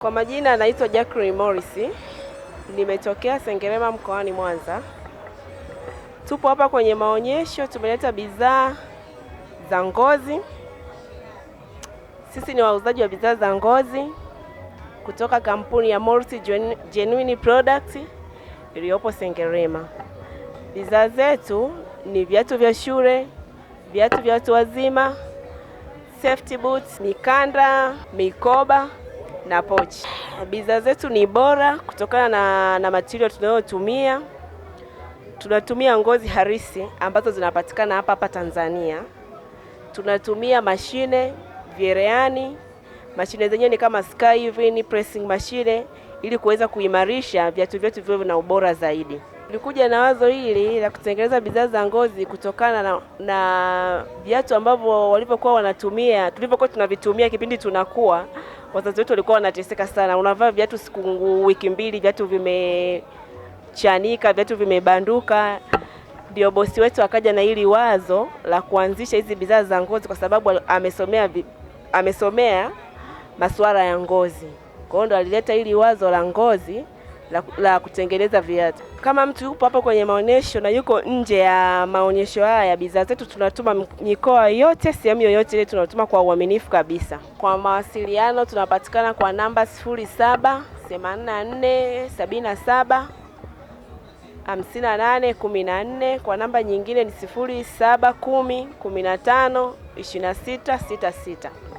Kwa majina anaitwa Jacqueline Morris, nimetokea Sengerema mkoani Mwanza. Tupo hapa kwenye maonyesho, tumeleta bidhaa za ngozi. Sisi ni wauzaji wa bidhaa za ngozi kutoka kampuni ya Morris Genuine Product iliyopo Sengerema. Bidhaa zetu ni viatu vya shule, viatu vya watu wazima, safety boots, mikanda, mikoba na pochi. Bidhaa zetu ni bora kutokana na, na material tunayotumia. Tunatumia ngozi harisi ambazo zinapatikana hapa hapa Tanzania. Tunatumia mashine vyereani, mashine zenyewe ni kama sky pressing mashine, ili kuweza kuimarisha viatu vyetu viwe na ubora zaidi tulikuja na wazo hili la kutengeneza bidhaa za ngozi kutokana na, na viatu ambavyo walivyokuwa wanatumia tulivyokuwa tunavitumia kipindi tunakuwa. Wazazi wetu walikuwa wanateseka sana, unavaa viatu siku wiki mbili, viatu vimechanika, viatu vimebanduka. Ndio bosi wetu akaja na hili wazo la kuanzisha hizi bidhaa za ngozi, kwa sababu amesomea amesomea masuala ya ngozi. Kwa hiyo ndo alileta hili wazo la ngozi la, la kutengeneza viatu. Kama mtu yupo hapo kwenye maonyesho na yuko nje ya maonyesho haya, ya bidhaa zetu tunatuma mikoa yote, sehemu yoyote ile tunatuma kwa uaminifu kabisa. Kwa mawasiliano tunapatikana kwa namba 0784 84 77 58 14. Kwa namba nyingine ni 0710 15 26 66.